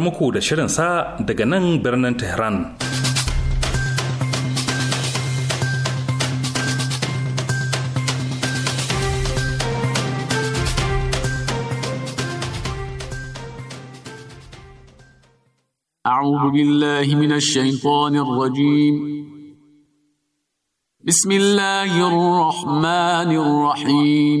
muku da shirin sa daga nan birnin Tehran. أعوذ بالله من الشيطان الرجيم بسم الله الرحمن الرحيم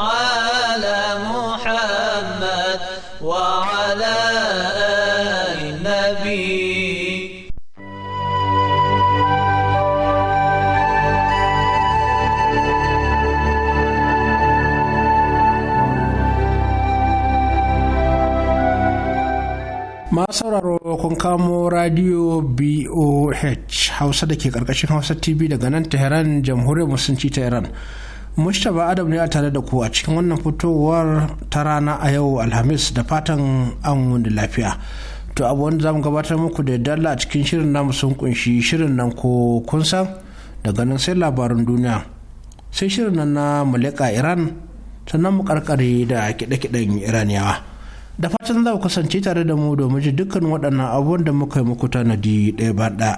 sauraro kun kamo radio boh hausa da ke karkashin hausa tv daga nan tehran jamhuriyar musulunci ta iran mustapha adam ne a tare da ku a cikin wannan fitowar ta rana a yau alhamis da fatan an wani lafiya to abubuwan za zamu gabatar muku da dalla a cikin shirin namu sun kunshi shirin nan ko kun san daga nan sai labarin duniya sai shirin nan na muleka iran sannan mu karkare da kiɗe-kiɗen iraniyawa da fatan za ku kasance tare da mu domin ji dukkan waɗannan abubuwan da muka yi muku tanadi ɗaya ba ɗaya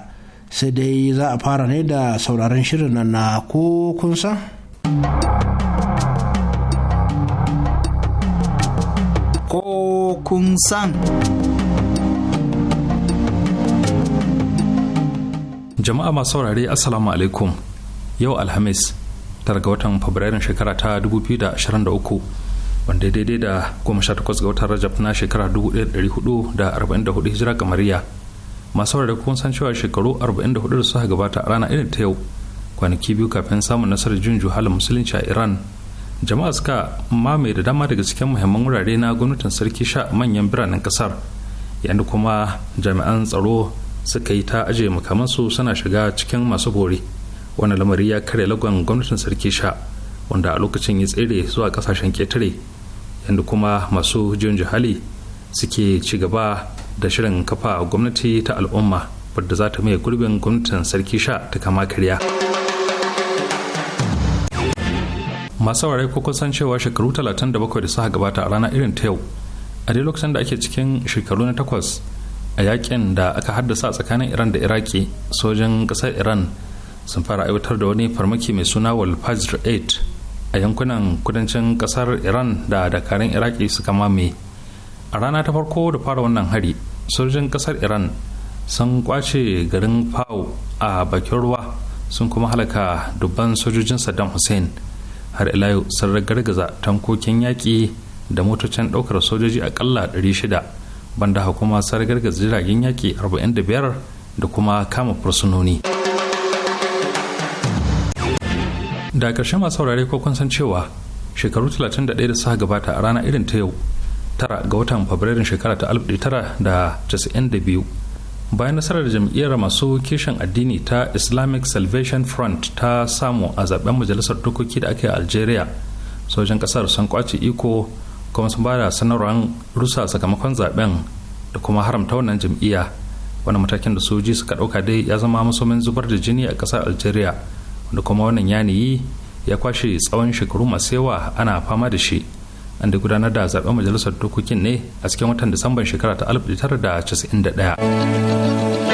sai dai za a fara ne da sauraron shirin nan na ko kun san ko kun san jama'a masu saurare assalamu alaikum yau alhamis tara ga watan fabrairun shekara ta 2023 wanda daidai da takwas ga watan rajab na shekara dubu da da hudu arba'in hudu hijira kamariya masu da kun san cewa shekaru arba'in da hudu da suka gabata a rana irin ta yau kwanaki biyu kafin samun nasarar jin juhalin musulunci a iran jama'a suka mamaye da dama daga cikin muhimman wurare na gwamnatin sarki sha manyan biranen kasar yadda kuma jami'an tsaro suka yi ta ajiye makamansu suna shiga cikin masu bore wani lamari ya karya lagon gwamnatin sarki sha wanda a lokacin ya tsere zuwa kasashen ketare inda kuma masu jin hali suke ci gaba da shirin kafa gwamnati ta al'umma wadda za ta mai gurbin gwamnatin sarki sha ta kama karya masu ware ko kusan cewa shekaru 37 da suka gabata a ranar irin ta yau a dai lokacin da ake cikin shekaru na takwas a yakin da aka haddasa tsakanin iran da iraki sojin ƙasar iran sun fara aiwatar da wani farmaki mai suna wal fajr a yankunan kudancin kasar iran da dakarun iraki suka mame a rana ta farko da fara wannan hari sojojin kasar iran sun kwace garin fao a bakin ruwa sun kuma halaka dubban sojojin saddam hussein har ila yau sun ragargaza tankokin yaƙi da motocin ɗaukar sojoji akalla 600 banda hukuma sun ragargaza jiragen yaƙi 45 da kuma kama fursunoni. da ƙarshe masu saurare ko kun san cewa shekaru 31 da suka gabata a rana irin ta yau tara ga watan fabrairun shekara ta 1992 bayan nasarar jam'iyyar masu kishin addini ta islamic salvation front ta samu a zaben majalisar dokoki da aka yi algeria sojan kasar sun kwace iko kuma sun bada sanarwar rusa sakamakon zaben da kuma haramta wannan jam'iyya wani matakin da soji suka dauka dai ya zama musulmin zubar da jini a kasar algeria wanda kuma wannan yanayi ya kwashe tsawon shekaru masu yawa ana fama da shi an da gudanar da zaben majalisar dokokin ne a cikin watan disamban shekara ta 1991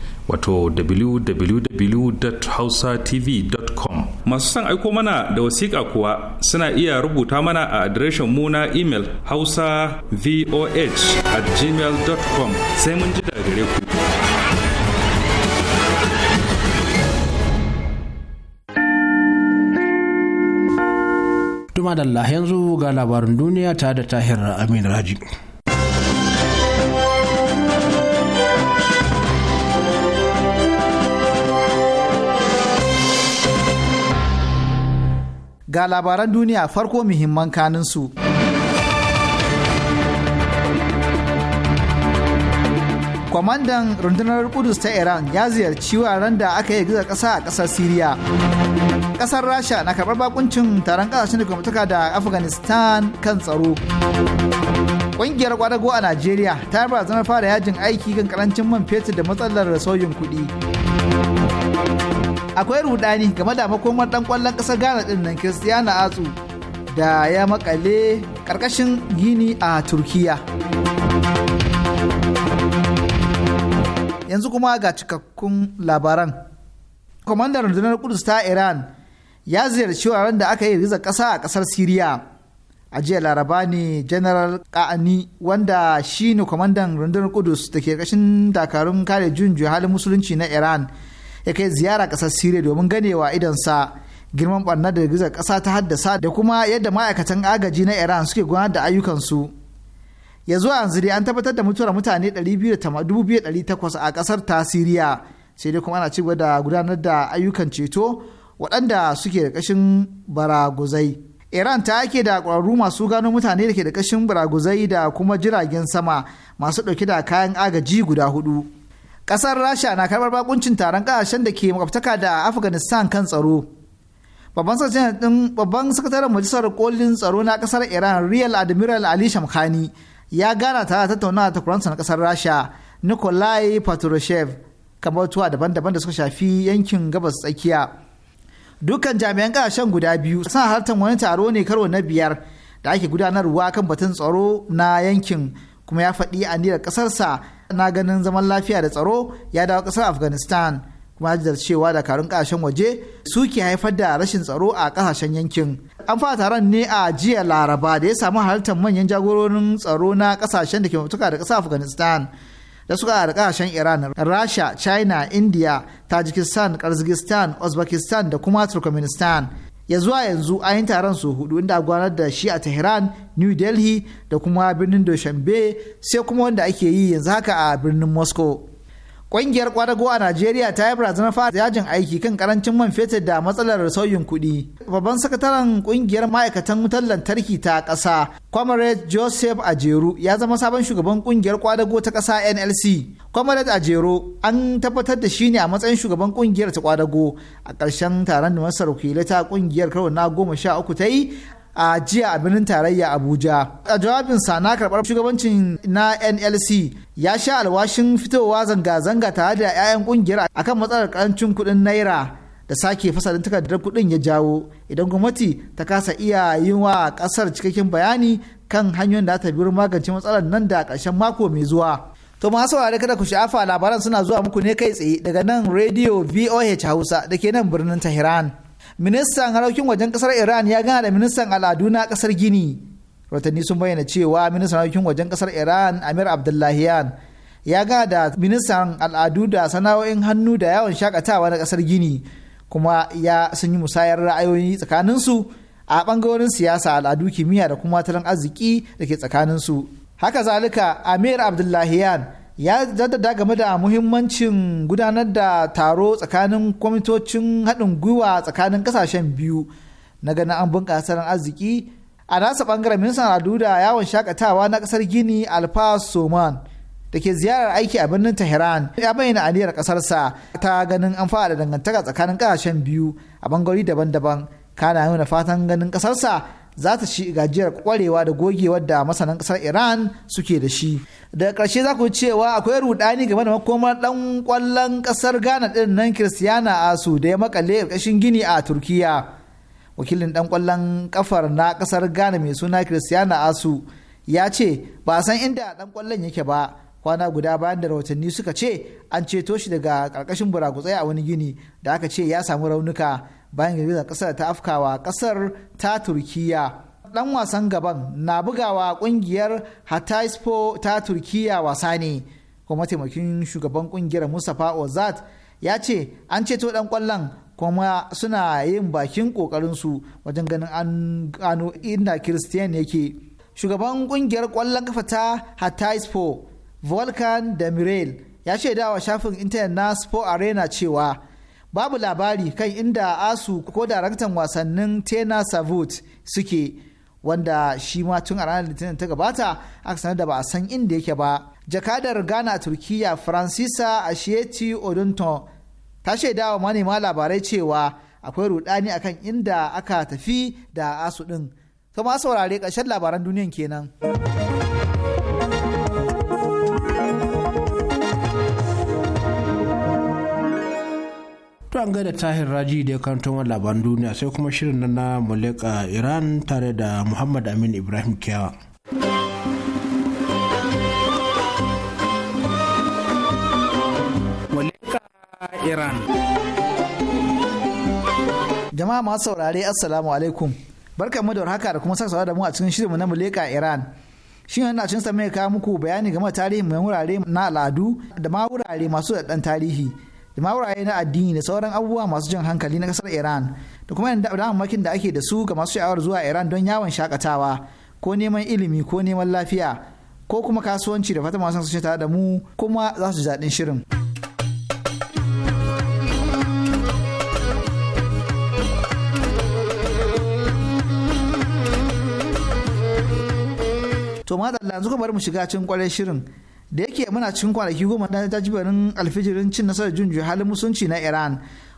wato www.hausatv.com masu son aiko mana da wasiƙa kuwa suna iya rubuta mana a adireshin mu na imel hausa voh at gmail.com sai mun ji daga gare ku Tuma da yanzu ga labarin duniya ta da tahir amin raji. ga labaran duniya farko muhimman kanin su. Kwamandan rundunar Kudus ta Iran ya ziyarci wuraren da aka yi gizo ƙasa a ƙasar Siriya. Ƙasar Rasha na karɓar bakuncin taron ƙasashen da kwamfutuka da Afghanistan kan tsaro. Ƙungiyar kwadago a Najeriya ta yi barazanar fara yajin aiki kan ƙarancin man fetur da matsalar sauyin kuɗi. akwai rudani game da makomar dan kwallon kasar ghana din nan cristiano atsu da ya makale karkashin gini a turkiya yanzu kuma ga cikakkun labaran kwamandan rundunar kudus ta iran ya ziyarci wuraren da aka yi riza kasa a kasar siriya a jiya laraba ne general ka'ani wanda shi ne kwamandan rundunar kudus da ke kashin dakarun kare juyin halin musulunci na iran ya kai ziyara kasar Siriya domin ganewa sa girman barna da girgizar ƙasa ta haddasa da kuma yadda ma'aikatan agaji na Iran suke gudanar da ayyukansu. Ya zuwa yanzu dai an tabbatar da mutuwar mutane 2,800 a kasar ta Siriya sai dai kuma ana ci da gudanar da ayyukan ceto waɗanda suke da ƙashin baraguzai. Iran ta yake da ƙwararru masu gano mutane da ke da ƙashin baraguzai da kuma jiragen sama masu ɗauke da kayan agaji guda hudu. kasar rasha na karbar bakuncin taron kasashen da ke makwabtaka da afghanistan kan tsaro babban sakataren majalisar kolin tsaro na kasar iran real admiral ali shamkhani ya gana tare da tattaunawa ta kuransa na kasar rasha nikolai patrushev kamar tuwa daban-daban da suka shafi yankin gabas tsakiya dukkan jami'an kasashen guda biyu suna halartar wani taro ne karo na biyar da ake gudanarwa kan batun tsaro na yankin kuma ya faɗi a niyyar ƙasarsa na ganin zaman lafiya da tsaro ya dawo ƙasar afghanistan kuma ya cewa dakarun ƙasashen waje suke haifar da rashin tsaro a ƙasashen yankin an fara taron ne a jiya laraba da ya samu halartar manyan jagororin tsaro na ƙasashen da ke mutuka da ƙasar afghanistan da suka da ƙasashen iran rasha china india tajikistan karzikistan uzbekistan da kuma turkmenistan ya zuwa yanzu ayin taron su hudu inda gwanar da shi a tehran new delhi da kuma birnin doshambe sai kuma wanda ake yi yanzu haka a birnin moscow Ƙungiyar ƙwadago a Najeriya ta yi barazanar fara yajin aiki kan karancin man fetur da matsalar sauyin kuɗi. Babban sakataren ƙungiyar ma'aikatan wutar lantarki ta ƙasa, Comrade Joseph Ajeru ya zama sabon shugaban ƙungiyar ƙwadago ta ƙasa NLC. Comrade Ajeru an tabbatar da shi ne a matsayin shugaban ƙungiyar ta ƙwadago. a ƙarshen taron da masar wakilai ta ƙungiyar karo na goma sha uku ta yi a jiya a birnin tarayya abuja a jawabinsa na karbar shugabancin na nlc ya sha alwashin fitowa zanga-zanga tare da 'ya'yan kungiyar akan matsalar karancin kuɗin naira da sake fasalin takardar kuɗin ya jawo idan gwamnati ta kasa iya yin wa ƙasar cikakken bayani kan hanyoyin da ta biyar magance matsalar nan da karshen mako mai zuwa to masu saurare kada ku sha'afa labaran suna zuwa muku ne kai tsaye daga nan radio voh hausa da ke nan birnin tehran ministan harkokin wajen kasar iran ya gana da ministan al'adu na kasar gini rotanni sun bayyana cewa ministan harkokin wajen kasar iran amir abdullahiyan ya gana da ministan al'adu da sana'o'in hannu da yawon shakatawa na kasar gini kuma ya sun yi musayar ra'ayoyi tsakaninsu a bangarorin siyasa al'adu kimiyya da kuma tattalin arziki da ke tsakanin su haka zalika amir abdullahiyan ya jaddada game da muhimmancin gudanar da taro tsakanin kwamitocin haɗin gwiwa tsakanin ƙasashen biyu na ganin an bunƙasa ran arziki a nasa ɓangaren ministan al'adu da yawon shakatawa na ƙasar gini alfa soman da ke ziyarar aiki a birnin tehran ya bayyana aniyar ƙasarsa ta ganin an fara dangantaka tsakanin ƙasashen biyu a bangarori daban-daban kana nuna fatan ganin ƙasarsa za ta ci gajiyar kwarewa da gogewar da masanan kasar iran suke da shi daga ƙarshe za ku cewa akwai rudani game da makomar dan kwallon kasar ghana din nan kiristiyana asu da ya makale ƙarƙashin gini a turkiya wakilin dan kwallon kafar na kasar ghana mai suna kiristiyana asu ya ce ba san inda dan kwallon yake ba kwana guda bayan da rahotanni suka ce an ceto shi daga ƙarƙashin buragutsai a wani gini da aka ce ya samu raunuka bayan girgizar kasar ta afkawa kasar ta turkiya dan wasan gaban na bugawa kungiyar hataspo ta turkiya wasa ne kuma taimakin shugaban kungiyar mustapha ozat ya ce an ceto dan kwallon kuma suna yin bakin kokarinsu wajen ganin an gano inda christian yake shugaban kungiyar kwallon kafa ta hataspo volkan da mirel ya shaidawa shafin intanet na spo arena cewa babu labari kan inda asu ko daraktan wasannin tena savut suke wanda shi ma tun a ranar litinin ta gabata aka sanar da ba a san inda yake ba jakadar ghana turkiya francisa asheti odunton ta shaida wa manema labarai cewa akwai rudani akan inda aka tafi da asu din to ma saurare karshen labaran duniyan kenan. to an gaida tahir raji da ya kanto labaran duniya sai kuma shirin na na muleka iran tare da muhammad amin ibrahim kiyawa jama'a masu saurare assalamu alaikum barkan mu da warhaka da kuma saka da mu a cikin shirinmu na muleka iran shi ne na cin sa mai kawo muku bayani game da tarihin mai wurare na al'adu da ma wurare masu da tarihi da na addini da sauran abubuwa masu jan hankali na kasar iran da kuma damammakin da ake da su ga masu sha'awar zuwa iran don yawon shakatawa ko neman ilimi ko neman lafiya ko kuma kasuwanci da fata masu sun tare da mu kuma za su ji daɗin shirin. To madalla yanzu bari mu shiga cikin kwarai shirin da yake muna cikin kwanaki goma na jajiberin alfijirin cin nasarar junju halin musunci na iran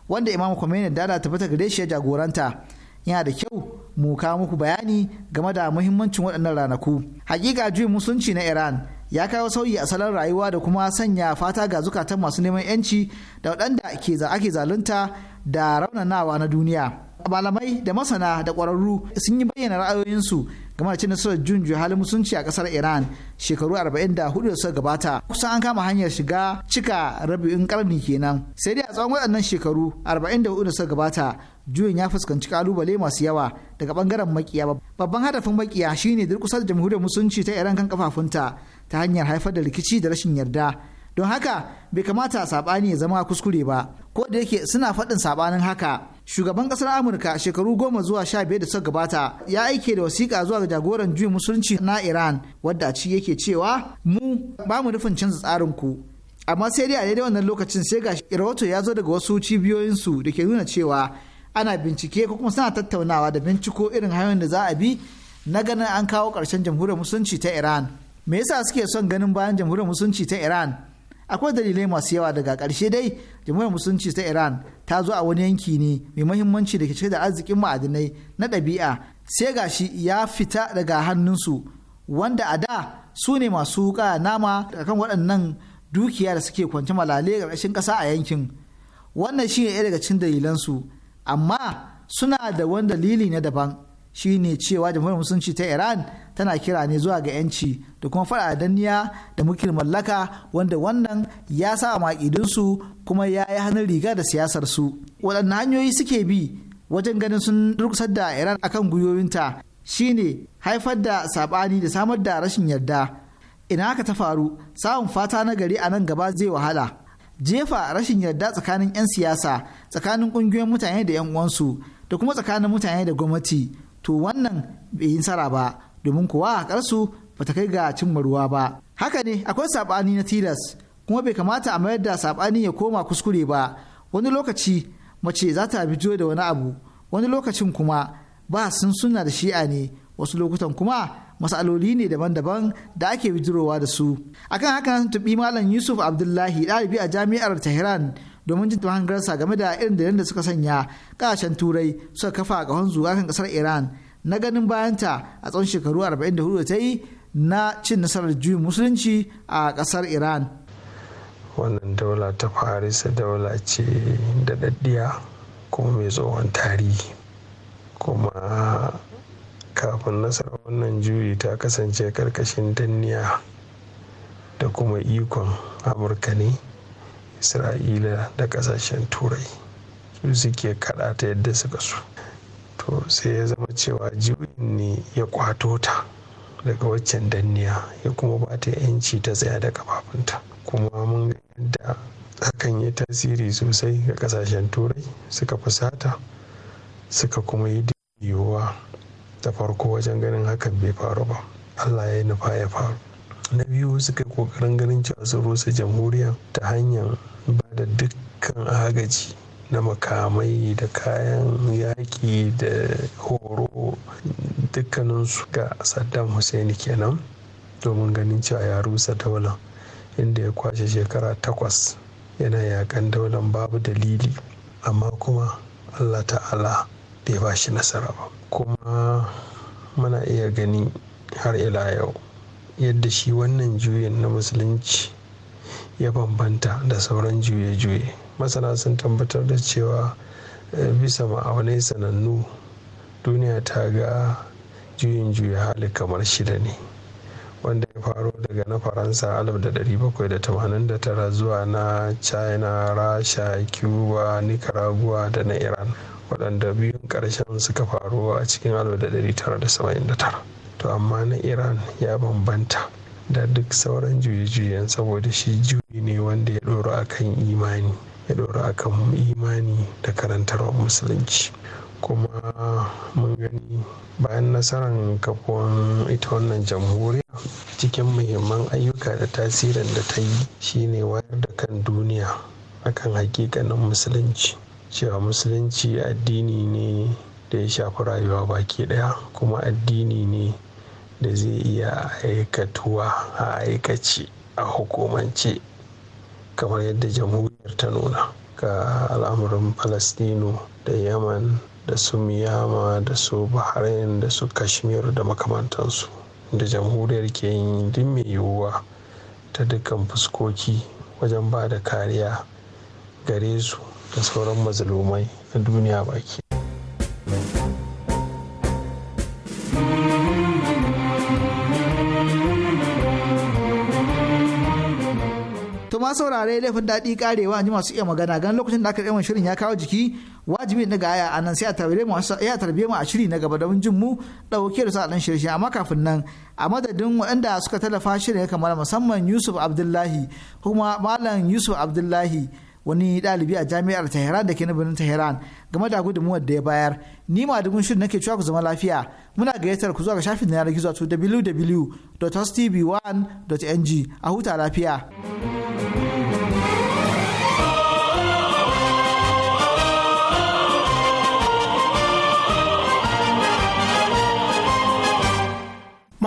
wanda imam khomeini dada tabbata gare shi ya jagoranta yana da kyau mu kawo muku bayani game da muhimmancin waɗannan ranaku hakika juyin musunci na iran ya kawo sauyi a salon rayuwa da kuma sanya fata ga zukatan masu neman yanci da waɗanda ke ake zalunta da raunanawa na duniya malamai da masana da ƙwararru sun yi bayyana ra'ayoyinsu game da cin nasarar junju halin musulunci a kasar iran shekaru 44 da suka gabata kusan an kama hanyar shiga cika rabi'in karni kenan sai dai a tsawon waɗannan shekaru 44 da suka gabata juyin ya fuskanci kalubale masu yawa daga bangaren makiya babban hadafin makiya shine durkusar jamhuriyar musulunci ta iran kan kafafunta ta hanyar haifar da rikici da rashin yarda don haka bai kamata saɓani ya zama kuskure ba ko da yake suna faɗin saɓanin haka shugaban ƙasar amurka shekaru goma zuwa sha biyar da suka gabata ya aike da wasiƙa zuwa ga jagoran juyin musulunci na iran wadda ci yake cewa mu ba mu nufin canza tsarin ku amma sai dai a daidai wannan lokacin sai ga rahoto ya zo daga wasu cibiyoyinsu da ke nuna cewa ana bincike ko kuma suna tattaunawa da binciko irin hanyoyin da za a bi na ganin an kawo ƙarshen jamhuriyar musulunci ta iran me yasa suke son ganin bayan jamhuriyar musulunci ta iran akwai dalilai masu yawa daga karshe dai jamhuriyar musulunci ta iran ta zo a wani yanki ne mai mahimmanci da ke cike da arzikin ma'adinai na ɗabi'a sai gashi ya fita daga hannunsu wanda a da su ne masu wuka nama a kan waɗannan dukiya da suke kwance malale ƙarƙashin ƙasa a yankin wannan shi ne ɗaya daga cikin dalilansu amma suna da wani dalili na daban shi ne cewa jamhuriyar musulunci ta iran tana kira ne zuwa ga 'yanci da kuma fara danniya da mulkin mallaka wanda wannan ya sa maƙidinsu kuma ya yi hannun riga da siyasarsu. su waɗanne hanyoyi suke bi wajen ganin sun rukusar da iran akan gwiwowinta shine haifar da saɓani da samar da rashin yarda ina haka ta faru samun fata na gari a nan gaba zai wahala jefa rashin yarda tsakanin 'yan siyasa tsakanin ƙungiyoyin mutane da 'yan uwansu da kuma tsakanin mutane da gwamnati to wannan bai yi nasara ba domin kuwa karsu ba ta kai ga cimma ruwa ba haka ne akwai saɓani na tilas kuma bai kamata a mayar da saɓani ya koma kuskure ba wani lokaci mace za ta bijo da wani abu wani lokacin kuma ba sun suna da shi'a ne wasu lokutan kuma masaloli ne daban-daban da ake bijirowa da su akan haka na tuɓi malam yusuf abdullahi ɗalibi a jami'ar tehran domin jin hangarsa game da irin da da suka sanya ƙasashen turai suka kafa a ƙahon zuwa kan ƙasar iran na ganin bayanta a tsawon shekaru 44 da ta yi na cin nasarar juyin musulunci a kasar iran wannan daula ta farisa daula ce da daddiya kuma mai tsohon tarihi kuma kafin nasarar wannan juyi ta kasance karkashin danniya da kuma ikon amurka ne isra'ila da kasashen turai su suke kaɗa ta yadda suka so to sai ya zama cewa juyin ne ya kwato ta daga waccan danniya ya kuma ba ta yanci ta tsaya da kafafunta kuma mun ga yadda hakan ya tasiri sosai ga kasashen turai suka fusata suka kuma yi da yiwuwa ta farko wajen ganin hakan bai faru ba allah ya nufa ya faru na biyu suka yi kokarin ganin cewa sun rusa jamhuriya ta hanyar ba da dukkan agaji na makamai da kayan yaƙi da horo dukkaninsu ga saddam hussein kenan domin ganin cewa ya rusa daular inda ya kwashe shekara takwas yana yakan daular babu dalili amma kuma allah ta'ala bai ba shi nasara ba kuma muna iya gani har ila yau yadda shi wannan juyin na musulunci ya bambanta da sauran juye-juye masana sun tabbatar da cewa eh, bisa ma'aunai sanannu duniya ta ga juyin juya hali kamar shida ne wanda ya faro daga na faransa 1789 zuwa na china rasha cuba nicaragua da na iran waɗanda biyun ƙarshen suka faru a cikin 1979 to amma na iran ya bambanta da duk sauran juye-juyen saboda shi juyi ne wanda ya ɗoro akan imani ya ɗora akan imani da karantar musulunci kuma mun gani bayan nasarar kafuwan ita wannan jamhuriya cikin muhimman ayyuka da tasirin da ta yi shine wayar da kan duniya akan hakikanin musulunci cewa musulunci addini ne da ya shafi rayuwa baki daya kuma addini ne da zai iya aikatuwa a aikace a hukumance kamar yadda jamhuriya ta nuna ga al'amuran palestino da yaman da su miyama da su bahrain da su kashmir da makamantansu da jamhuriyar ke yin din mai yiwuwa ta dukkan fuskoki wajen ba da kariya gare su da sauran mazalumai na duniya baki saurare laifin daɗi karewa ji masu iya magana gan lokacin da aka ɗaya shirin ya kawo jiki wajibi ga aya a nan sai a tarbiye mu ya tarbiye mu a shiri na gaba mun jin mu ɗauke da sa ɗan shirye amma kafin nan a madadin waɗanda suka tallafa shirin ya kamar musamman Yusuf Abdullahi kuma Malam Yusuf Abdullahi wani ɗalibi a jami'ar Tehran da ke na birnin Tehran game da gudunmuwar da ya bayar ni ma dugun shirin nake cewa ku zama lafiya muna gayyatar ku zuwa ga shafin na yanar gizo to www.tv1.ng a huta lafiya.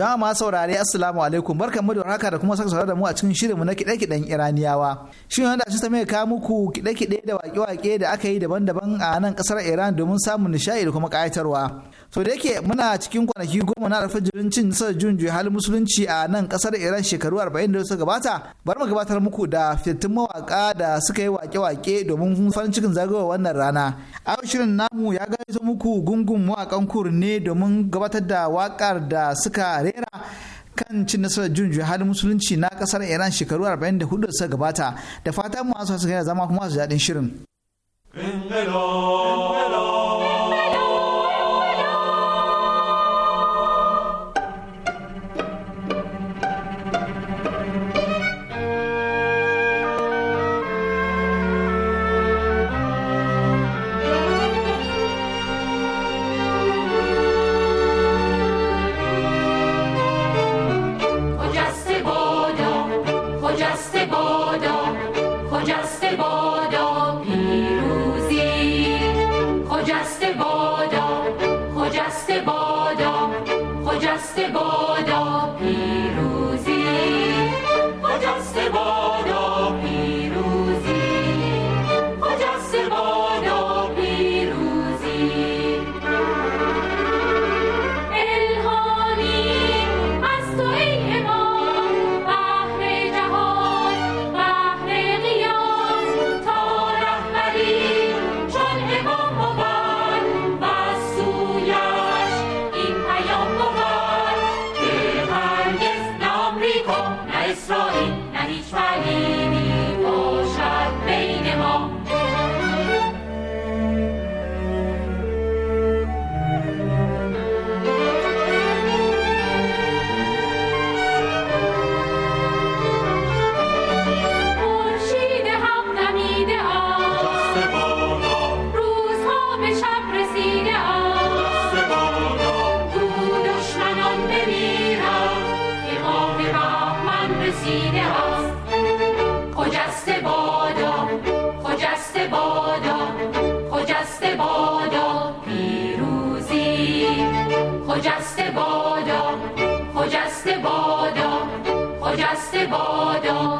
jama'a ma saurare assalamu alaikum barkan mu da haka da kuma saka saurare da mu a cikin shirinmu na kiɗe-kiɗen iraniyawa shin wanda shi mai ka muku kiɗe-kiɗe da waƙe-waƙe da aka yi daban-daban a nan kasar iran domin samun nishaɗi da kuma kayatarwa. to da yake muna cikin kwanaki goma na alfajirin cin nasarar jin halin musulunci a nan kasar iran shekaru arba'in da suka gabata bar mu gabatar muku da fitattun mawaƙa da suka yi waƙe-waƙe domin farin cikin zagayowar wannan rana a shirin namu ya gaito muku gungun mawaƙan kur ne domin gabatar da waƙar da suka rera kan cin nasarar juya halin musulunci na kasar iran shekaru 44 da suka gabata da fata masu hasu gaya zama kuma su daɗin shirin. خجسته بادا خجسته بادا خجسته بادا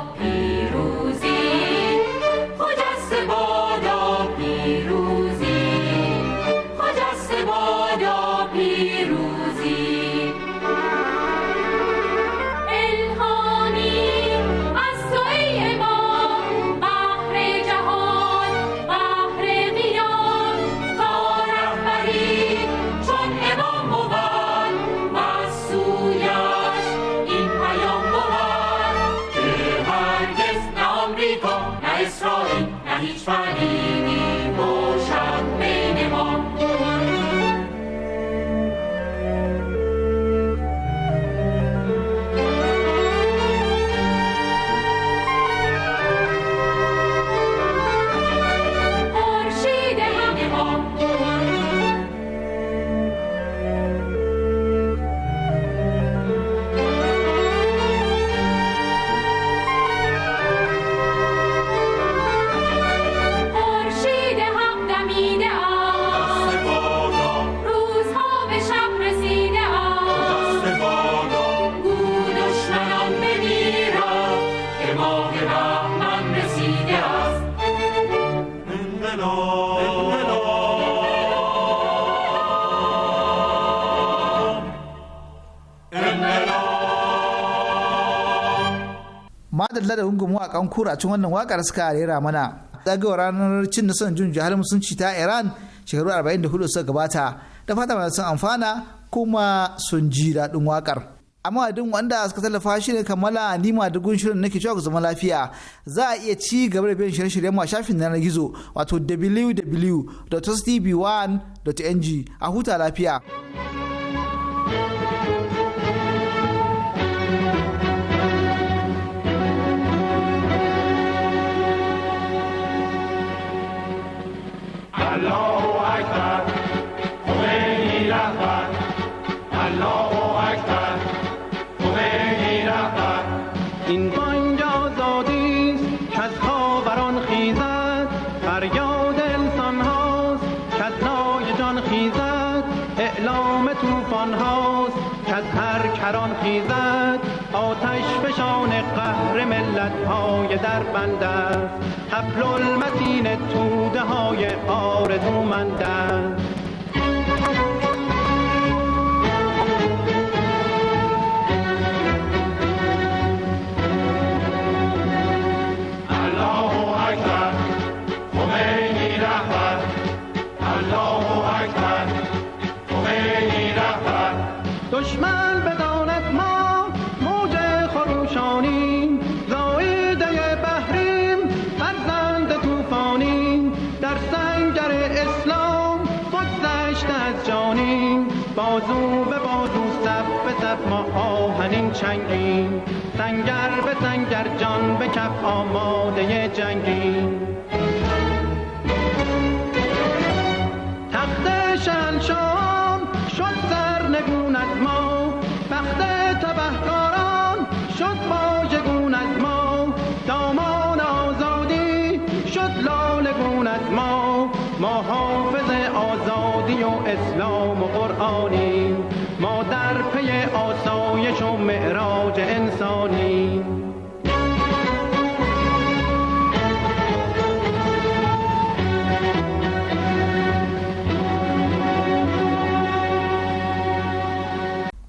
talla da gungun kura kuracin wannan wakar suka rera mana zagayowar ranar cin nasarar jin jihar musulunci ta iran shekaru 44 suka gabata da fata mana sun amfana kuma sun ji daɗin wakar amma duk wanda suka tallafa shi ne kammala nima da gun shirin nake cewa ku zama lafiya za a iya ci gaba da biyan shirye-shiryen mu a shafin na gizo wato www.tv1.ng a huta lafiya. خندد حبل المتین توده های آرزومند است چنین چنگین سنگر به سنگر جان به کف آماده جنگین تخت شهنشان شد سر نگون از ما بخت تبهکاران شد باژگون از ما دامان آزادی شد لالگون از ما ما حافظ آزادی و اسلام و قرآنی ما در پی معراج انسانی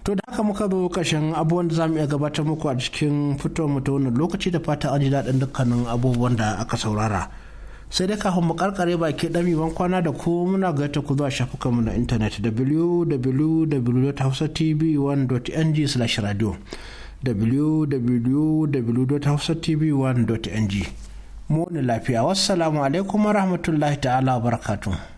To da haka muka zo kashin abubuwan da za mu iya gabatar muku a cikin fito mu lokaci da fata an ji daɗin dukkanin abubuwan da aka saurara. sai dai kafin mu karkare baki dami ban kwana da ku muna gaita ku zuwa shafukan mu na intanet www.hausatv1.ng/radio www.hausatv1.ng mu ne lafiya wassalamu alaikum warahmatullahi ta'ala wabarakatuh